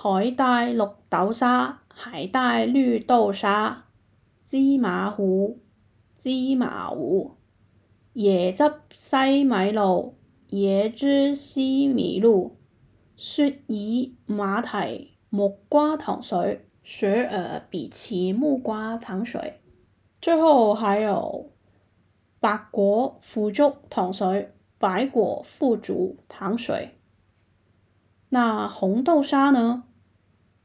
海帶綠豆沙、海帶綠豆沙、芝麻糊、芝麻糊、椰汁西米露、椰汁西米露、雪耳馬蹄木瓜糖水、雪耳比奇木瓜糖水，最後還有白果腐竹糖水、白果腐竹糖水。那紅豆沙呢？